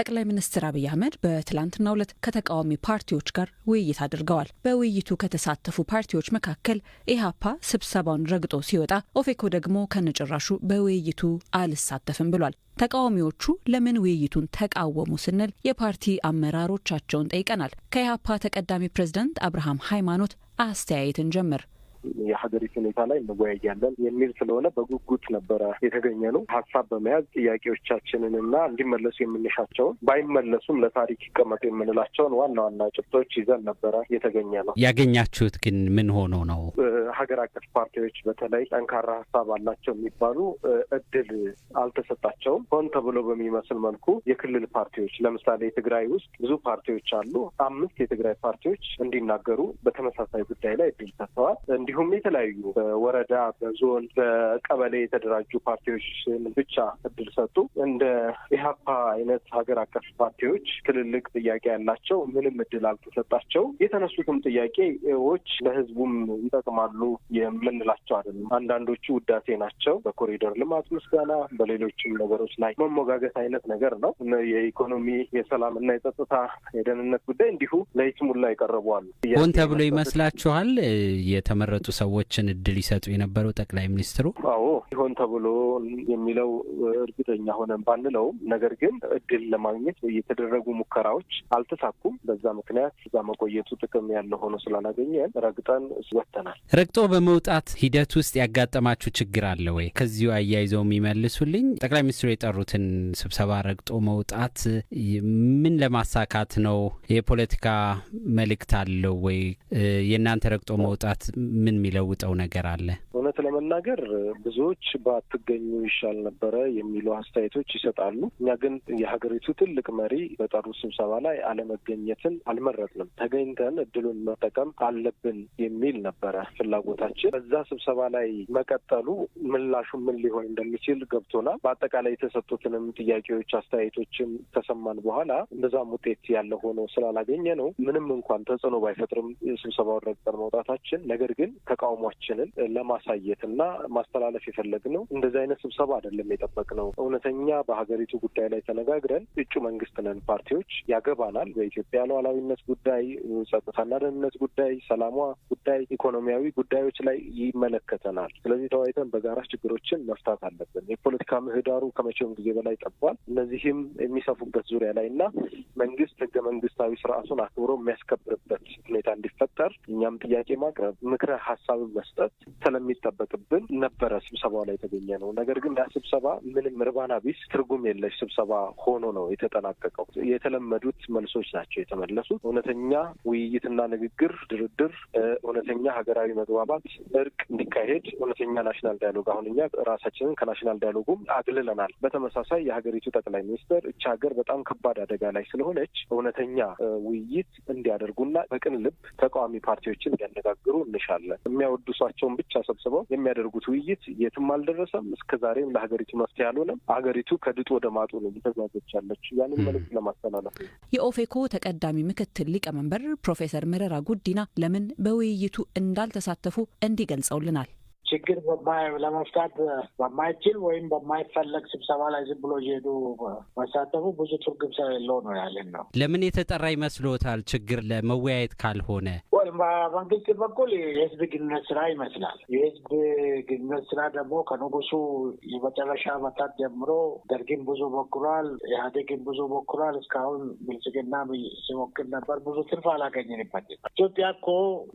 ጠቅላይ ሚኒስትር አብይ አህመድ በትላንትናው ዕለት ከተቃዋሚ ፓርቲዎች ጋር ውይይት አድርገዋል። በውይይቱ ከተሳተፉ ፓርቲዎች መካከል ኢህአፓ ስብሰባውን ረግጦ ሲወጣ፣ ኦፌኮ ደግሞ ከነጭራሹ በውይይቱ አልሳተፍም ብሏል። ተቃዋሚዎቹ ለምን ውይይቱን ተቃወሙ ስንል የፓርቲ አመራሮቻቸውን ጠይቀናል። ከኢህአፓ ተቀዳሚ ፕሬዝዳንት አብርሃም ሃይማኖት አስተያየትን ጀምር የሀገሪቱ ሁኔታ ላይ እንወያያለን የሚል ስለሆነ በጉጉት ነበረ የተገኘ ነው። ሀሳብ በመያዝ ጥያቄዎቻችንን እና እንዲመለሱ የምንሻቸውን ባይመለሱም ለታሪክ ይቀመጡ የምንላቸውን ዋና ዋና ጭብጦች ይዘን ነበረ የተገኘ ነው። ያገኛችሁት ግን ምን ሆኖ ነው? ሀገር አቀፍ ፓርቲዎች በተለይ ጠንካራ ሀሳብ አላቸው የሚባሉ እድል አልተሰጣቸውም። ሆን ተብሎ በሚመስል መልኩ የክልል ፓርቲዎች ለምሳሌ ትግራይ ውስጥ ብዙ ፓርቲዎች አሉ። አምስት የትግራይ ፓርቲዎች እንዲናገሩ በተመሳሳይ ጉዳይ ላይ እድል ሰጥተዋል። እንዲሁም የተለያዩ በወረዳ በዞን በቀበሌ የተደራጁ ፓርቲዎች ብቻ እድል ሰጡ። እንደ ኢህአፓ አይነት ሀገር አቀፍ ፓርቲዎች ትልልቅ ጥያቄ ያላቸው ምንም እድል አልተሰጣቸው። የተነሱትም ጥያቄዎች ለህዝቡም ይጠቅማሉ የምንላቸው አይደለም። አንዳንዶቹ ውዳሴ ናቸው። በኮሪደር ልማት ምስጋና፣ በሌሎችም ነገሮች ላይ መሞጋገት አይነት ነገር ነው። የኢኮኖሚ የሰላምና የጸጥታ የደህንነት ጉዳይ እንዲሁ ለይስሙላ ይቀርበዋሉ። ሆን ተብሎ ይመስላችኋል የተመረ የተመረጡ ሰዎችን እድል ይሰጡ የነበረው ጠቅላይ ሚኒስትሩ? አዎ ይሆን ተብሎ የሚለው እርግጠኛ ሆነን ባንለውም፣ ነገር ግን እድል ለማግኘት የተደረጉ ሙከራዎች አልተሳኩም። በዛ ምክንያት እዛ መቆየቱ ጥቅም ያለው ሆኖ ስላላገኘን ረግጠን ወጥተናል። ረግጦ በመውጣት ሂደት ውስጥ ያጋጠማችሁ ችግር አለ ወይ? ከዚሁ አያይዘው የሚመልሱልኝ ጠቅላይ ሚኒስትሩ የጠሩትን ስብሰባ ረግጦ መውጣት ምን ለማሳካት ነው? የፖለቲካ መልእክት አለው ወይ? የእናንተ ረግጦ መውጣት ምን የሚለውጠው ነገር አለ? እውነት ለመናገር ብዙዎች ባትገኙ ይሻል ነበረ የሚሉ አስተያየቶች ይሰጣሉ። እኛ ግን የሀገሪቱ ትልቅ መሪ በጠሩ ስብሰባ ላይ አለመገኘትን አልመረጥንም። ተገኝተን እድሉን መጠቀም አለብን የሚል ነበረ ፍላጎታችን። በዛ ስብሰባ ላይ መቀጠሉ ምላሹ ምን ሊሆን እንደሚችል ገብቶናል። በአጠቃላይ የተሰጡትንም ጥያቄዎች፣ አስተያየቶችን ከሰማን በኋላ እንደዛም ውጤት ያለ ሆኖ ስላላገኘ ነው ምንም እንኳን ተጽዕኖ ባይፈጥርም ስብሰባውን ረግጠን መውጣታችን ነገር ግን ተቃውሟችንን ለማሳየት እና ማስተላለፍ ነው። እንደዚህ አይነት ስብሰባ አይደለም የጠበቅነው። እውነተኛ በሀገሪቱ ጉዳይ ላይ ተነጋግረን እጩ መንግስት ነን፣ ፓርቲዎች ያገባናል፣ በኢትዮጵያ ሉዓላዊነት ጉዳይ፣ ጸጥታና ደህንነት ጉዳይ፣ ሰላሟ ጉዳይ፣ ኢኮኖሚያዊ ጉዳዮች ላይ ይመለከተናል። ስለዚህ ተወያይተን በጋራ ችግሮችን መፍታት አለብን። የፖለቲካ ምህዳሩ ከመቼውም ጊዜ በላይ ጠቧል። እነዚህም የሚሰፉበት ዙሪያ ላይ እና መንግስት ህገ መንግስታዊ ስርዓቱን አክብሮ የሚያስከብርበት ሁኔታ እንዲፈጠር እኛም ጥያቄ ማቅረብ ምክረ ሀሳብን መስጠት ስለሚጠበቅብን ነበረ ስብሰባው ላይ የተገኘ ነው። ነገር ግን ያ ስብሰባ ምንም እርባና ቢስ ትርጉም የለሽ ስብሰባ ሆኖ ነው የተጠናቀቀው። የተለመዱት መልሶች ናቸው የተመለሱት። እውነተኛ ውይይትና ንግግር፣ ድርድር፣ እውነተኛ ሀገራዊ መግባባት፣ እርቅ እንዲካሄድ እውነተኛ ናሽናል ዳያሎግ አሁን እኛ ራሳችንን ከናሽናል ዳያሎጉም አግልለናል። በተመሳሳይ የሀገሪቱ ጠቅላይ ሚኒስትር እቻ ሀገር በጣም ከባድ አደጋ ላይ ስለሆነች እውነተኛ ውይይት እንዲያደርጉና በቅን ልብ ተቃዋሚ ፓርቲዎችን እንዲያነጋግሩ እንሻለን። የሚያወድሷቸውን ብቻ ሰብስበው የሚያደርጉት ውይይት የትም አልደረሰም። እስከ ዛሬም ለሀገሪቱ መፍትሄ አልሆነም። ሀገሪቱ ከድጡ ወደ ማጡ ነው እየተዛዘች ያለች። ያንን መልዕክት ለማስተላለፍ የኦፌኮ ተቀዳሚ ምክትል ሊቀመንበር ፕሮፌሰር መረራ ጉዲና ለምን በውይይቱ እንዳልተሳተፉ እንዲገልጸውልናል ችግር ለመፍታት በማይችል ወይም በማይፈለግ ስብሰባ ላይ ዝም ብሎ እየሄዱ መሳተፉ ብዙ ትርጉም የለው ነው ያለን ነው። ለምን የተጠራ ይመስሎታል? ችግር ለመወያየት ካልሆነ በመንግስት በኩል የህዝብ ግንኙነት ስራ ይመስላል። የህዝብ ግንኙነት ስራ ደግሞ ከንጉሱ የመጨረሻ መታት ጀምሮ ደርግን ብዙ ሞክሯል፣ ኢህአዴግን ብዙ ሞክሯል። እስካሁን ብልጽግና ሲሞክር ነበር። ብዙ ትርፍ አላገኝንበት። ኢትዮጵያ እኮ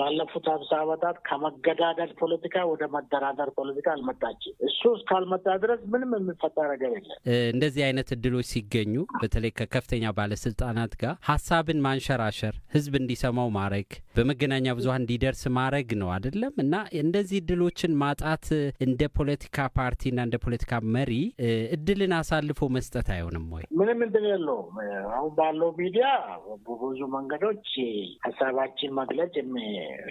ላለፉት ሀምሳ ዓመታት ከመገዳደል ፖለቲካ ወደ መደራደር ፖለቲካ አልመጣች እሱ እስካልመጣ ድረስ ምንም የሚፈታ ነገር የለም። እንደዚህ አይነት እድሎች ሲገኙ በተለይ ከከፍተኛ ባለስልጣናት ጋር ሀሳብን ማንሸራሸር፣ ህዝብ እንዲሰማው ማድረግ፣ በመገናኛ ብዙሀን እንዲደርስ ማድረግ ነው አይደለም እና እንደዚህ እድሎችን ማጣት እንደ ፖለቲካ ፓርቲና እንደ ፖለቲካ መሪ እድልን አሳልፎ መስጠት አይሆንም ወይ? ምንም እድል የለውም። አሁን ባለው ሚዲያ በብዙ መንገዶች ሀሳባችን መግለጽ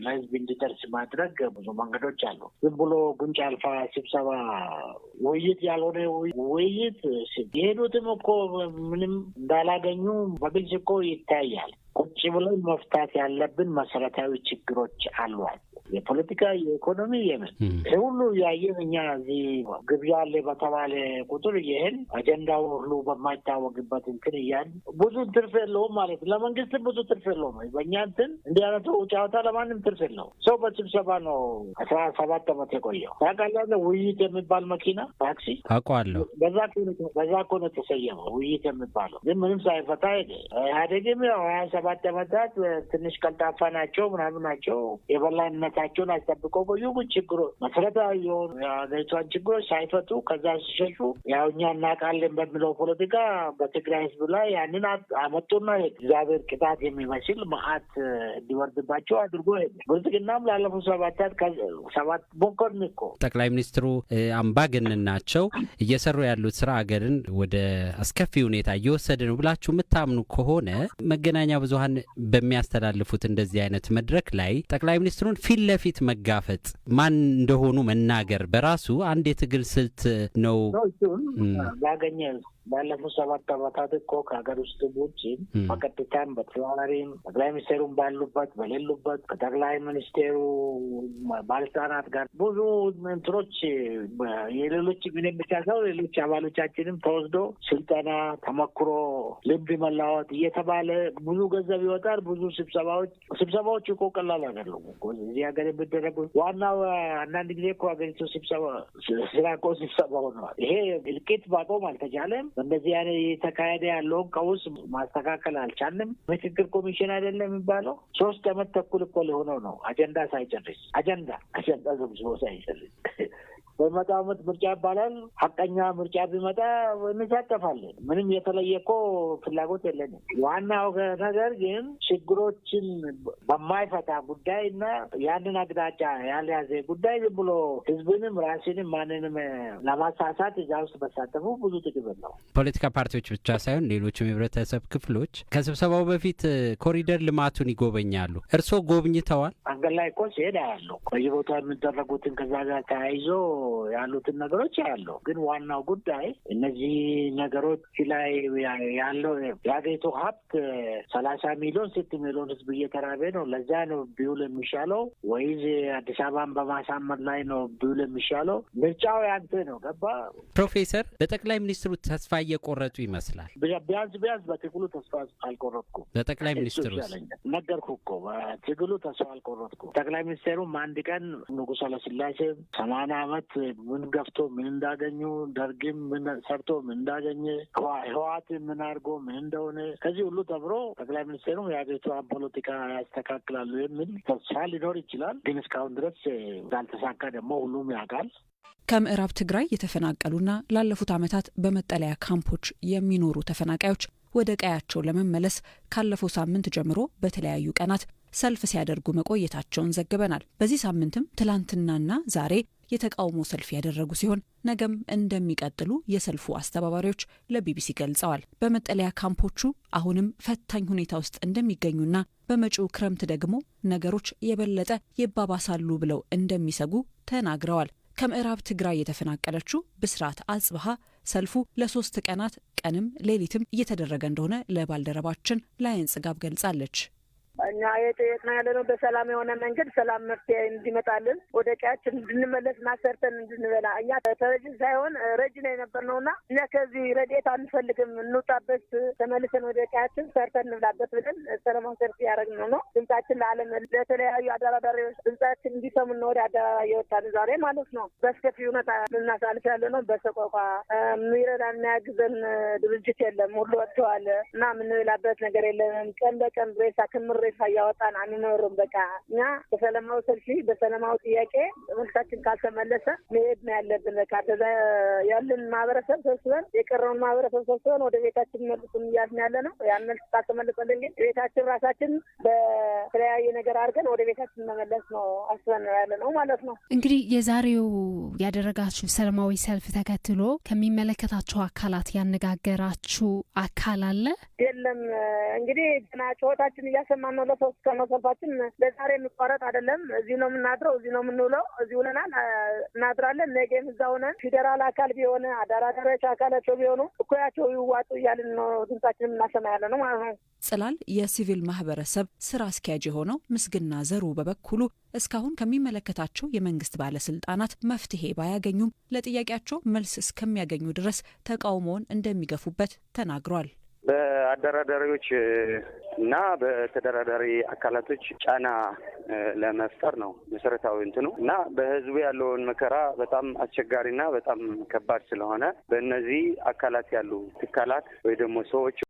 ለህዝብ እንዲደርስ ማድረግ ብዙ መንገዶች አሉ። ብሎ ጉንጭ አልፋ ስብሰባ ውይይት ያልሆነ ውይይት የሄዱትም እኮ ምንም እንዳላገኙ በግልጽ እኮ ይታያል። ቁጭ ብለን መፍታት ያለብን መሰረታዊ ችግሮች አሏል። የፖለቲካ፣ የኢኮኖሚ የምን ይህ ሁሉ ያየን እኛ እዚህ ግብዣ አለ በተባለ ቁጥር ይህን አጀንዳው ሁሉ በማይታወቅበት እንትን እያል ብዙ ትርፍ የለውም ማለት ለመንግስት ብዙ ትርፍ የለውም። በእኛ እንትን እንዲህ አይነቱ ጨዋታ ለማንም ትርፍ የለው። ሰው በስብሰባ ነው አስራ ሰባት ዓመት የቆየው ታውቃለህ። ውይይት የሚባል መኪና ታክሲ አውቀዋለሁ። በዛ እኮ ነው የተሰየመው ውይይት የሚባለው ግን ምንም ሳይፈታ ሄደ። ኢህአዴግም ሀያ ሰባት ዓመታት ትንሽ ቀልጣፋ ናቸው ምናምን ናቸው የበላይነት ደህንነታቸውን አስጠብቀው በዩቡ ችግሮች መሰረታዊ የሆኑ የሀገሪቷን ችግሮች ሳይፈቱ ከዛ ሲሸሹ ያው እኛ እናውቃለን በሚለው ፖለቲካ በትግራይ ህዝብ ላይ ያንን አመጡና እግዚአብሔር ቅጣት የሚመስል መዓት እንዲወርድባቸው አድርጎ ሄደ። ብልጽግናም ላለፉት ሰባታት ሰባት ሞከርን እኮ ጠቅላይ ሚኒስትሩ አምባገነን ናቸው እየሰሩ ያሉት ስራ አገርን ወደ አስከፊ ሁኔታ እየወሰደ ነው ብላችሁ የምታምኑ ከሆነ መገናኛ ብዙሀን በሚያስተላልፉት እንደዚህ አይነት መድረክ ላይ ጠቅላይ ሚኒስትሩን ፊል ለፊት መጋፈጥ፣ ማን እንደሆኑ መናገር በራሱ አንድ የትግል ስልት ነው። ያገኘ ባለፉት ሰባት ዓመታት እኮ ከሀገር ውስጥ ውጭ በቀጥታም በተዘዋዋሪም ጠቅላይ ሚኒስቴሩን ባሉበት በሌሉበት ከጠቅላይ ሚኒስቴሩ ባለስልጣናት ጋር ብዙ እንትኖች የሌሎች ምን የሚቻሰው ሌሎች አባሎቻችንም ተወስዶ ስልጠና፣ ተመክሮ፣ ልምድ መላወጥ እየተባለ ብዙ ገንዘብ ይወጣል። ብዙ ስብሰባዎች ስብሰባዎች እኮ ቀላል አይደሉም። እዚህ ሀገር የሚደረጉ ዋናው አንዳንድ ጊዜ እኮ ሀገሪቱ ስብሰባ ስራ እኮ ስብሰባ ሆነዋል። ይሄ እልቂት ማቆም አልተቻለም። በእንደዚህ አይነት የተካሄደ ያለውን ቀውስ ማስተካከል አልቻለም። ምክክር ኮሚሽን አይደለም የሚባለው ሶስት ዓመት ተኩል እኮ ሊሆነው ነው። አጀንዳ ሳይጨርስ አጀንዳ አጀንዳ ሰብስቦ ሳይጨርስ በመጣው ምርጫ ይባላል። ሀቀኛ ምርጫ ቢመጣ እንሳተፋለን። ምንም የተለየ እኮ ፍላጎት የለንም። ዋናው ነገር ግን ችግሮችን በማይፈታ ጉዳይ እና ያንን አቅጣጫ ያልያዘ ጉዳይ ዝም ብሎ ህዝብንም ራስንም ማንንም ለማሳሳት እዛ ውስጥ መሳተፉ ብዙ ጥቅም ነው። ፖለቲካ ፓርቲዎች ብቻ ሳይሆን ሌሎችም የህብረተሰብ ክፍሎች ከስብሰባው በፊት ኮሪደር ልማቱን ይጎበኛሉ። እርስዎ ጎብኝተዋል? አንገድ ላይ እኮ ሲሄድ ያለው በየቦታ የሚደረጉትን ከዛ ጋር ተያይዞ ያሉትን ነገሮች ያለው ግን ዋናው ጉዳይ እነዚህ ነገሮች ላይ ያለው የአገሪቱ ሀብት ሰላሳ ሚሊዮን ስት ሚሊዮን ህዝብ እየተራበ ነው። ለዛ ነው ቢውል የሚሻለው ወይዝ አዲስ አበባን በማሳመር ላይ ነው ቢውል የሚሻለው? ምርጫው ያንተ ነው። ገባ ፕሮፌሰር፣ በጠቅላይ ሚኒስትሩ ተስፋ እየቆረጡ ይመስላል። ቢያንስ ቢያንስ በትግሉ ተስፋ አልቆረጥኩም። በጠቅላይ ሚኒስትሩ ነገርኩ እኮ በትግሉ ተስፋ አልቆረጥኩም። ጠቅላይ ሚኒስትሩም አንድ ቀን ንጉሰ ለስላሴ ሰማንያ ዓመት ምን ገፍቶ ምን እንዳገኙ፣ ደርግም ምን ሰርቶ ምን እንዳገኘ፣ ህወሓት ምን አድርጎ ምን እንደሆነ ከዚህ ሁሉ ተብሮ ጠቅላይ ሚኒስትሩም የሀገሪቷን ፖለቲካ ያስተካክላሉ የሚል ተስፋ ሊኖር ይችላል። ግን እስካሁን ድረስ እንዳልተሳካ ደግሞ ሁሉም ያውቃል። ከምዕራብ ትግራይ የተፈናቀሉና ላለፉት ዓመታት በመጠለያ ካምፖች የሚኖሩ ተፈናቃዮች ወደ ቀያቸው ለመመለስ ካለፈው ሳምንት ጀምሮ በተለያዩ ቀናት ሰልፍ ሲያደርጉ መቆየታቸውን ዘግበናል። በዚህ ሳምንትም ትላንትናና ዛሬ የተቃውሞ ሰልፍ ያደረጉ ሲሆን ነገም እንደሚቀጥሉ የሰልፉ አስተባባሪዎች ለቢቢሲ ገልጸዋል። በመጠለያ ካምፖቹ አሁንም ፈታኝ ሁኔታ ውስጥ እንደሚገኙና በመጪው ክረምት ደግሞ ነገሮች የበለጠ ይባባሳሉ ብለው እንደሚሰጉ ተናግረዋል። ከምዕራብ ትግራይ የተፈናቀለችው ብስራት አጽብሃ ሰልፉ ለሶስት ቀናት ቀንም ሌሊትም እየተደረገ እንደሆነ ለባልደረባችን ላይን ጽጋብ ገልጻለች። እኛ የጠየቅ ያለ ነው በሰላም የሆነ መንገድ ሰላም መፍትሄ እንዲመጣልን ወደ ቀያችን እንድንመለስ ማሰርተን እንድንበላ እኛ ተረጅ ሳይሆን ረጅ ነው የነበር ነው እና እኛ ከዚህ ረድኤት አንፈልግም፣ እንውጣበት፣ ተመልሰን ወደ ቀያችን ሰርተን እንብላበት ብለን ሰለሞን ሰልፍ ያደረግን ነው ነው ድምጻችን ለዓለም ለተለያዩ አደራዳሪዎች ድምጻችን እንዲሰሙን ወደ አደራዳሪ የወጣን ዛሬ ማለት ነው። በስከፊ ሁኔታ የምናሳልፍ ያለ ነው በሰቆቋ የሚረዳ የሚያግዘን ድርጅት የለም፣ ሁሉ ወጥተዋል እና የምንበላበት ነገር የለንም። ቀን በቀን ሬሳ ክምር ወረፋ እያወጣን አንኖርም። በቃ እኛ በሰለማዊ ሰልፊ በሰለማዊ ጥያቄ መልሳችን ካልተመለሰ መሄድ ነው ያለብን። በቃ ያለን ማህበረሰብ ሰብስበን የቀረውን ማህበረሰብ ሰብስበን ወደ ቤታችን መልሱን እያልን ያለ ነው። ያን መልስ ካልተመለሰልን ግን ቤታችን ራሳችን በተለያየ ነገር አድርገን ወደ ቤታችን መመለስ ነው አስበን ያለ ነው ማለት ነው። እንግዲህ የዛሬው ያደረጋችሁ ሰለማዊ ሰልፍ ተከትሎ ከሚመለከታቸው አካላት ያነጋገራችሁ አካል አለ የለም? እንግዲህ ና ጨዋታችን እያሰማን ነው ለሶስት ቀን ነው ሰልፋችን። ለዛሬ የሚቋረጥ አይደለም። እዚህ ነው የምናድረው፣ እዚህ ነው የምንውለው፣ እዚህ ውለናል፣ እናድራለን። ነገም እዛ ሆነን ፌዴራል አካል ቢሆን አደራዳሪዎች አካላቸው ቢሆኑ እኮያቸው ይዋጡ እያልን ነው ድምጻችን የምናሰማ ያለ ነው ማለት ነው። ጽላል የሲቪል ማህበረሰብ ስራ አስኪያጅ የሆነው ምስግና ዘሩ በበኩሉ እስካሁን ከሚመለከታቸው የመንግስት ባለስልጣናት መፍትሄ ባያገኙም ለጥያቄያቸው መልስ እስከሚያገኙ ድረስ ተቃውሞውን እንደሚገፉበት ተናግሯል። በአደራዳሪዎች እና በተደራዳሪ አካላቶች ጫና ለመፍጠር ነው መሰረታዊ እንትኑ እና በህዝቡ ያለውን መከራ በጣም አስቸጋሪና በጣም ከባድ ስለሆነ በእነዚህ አካላት ያሉ ትካላት ወይ ደግሞ ሰዎች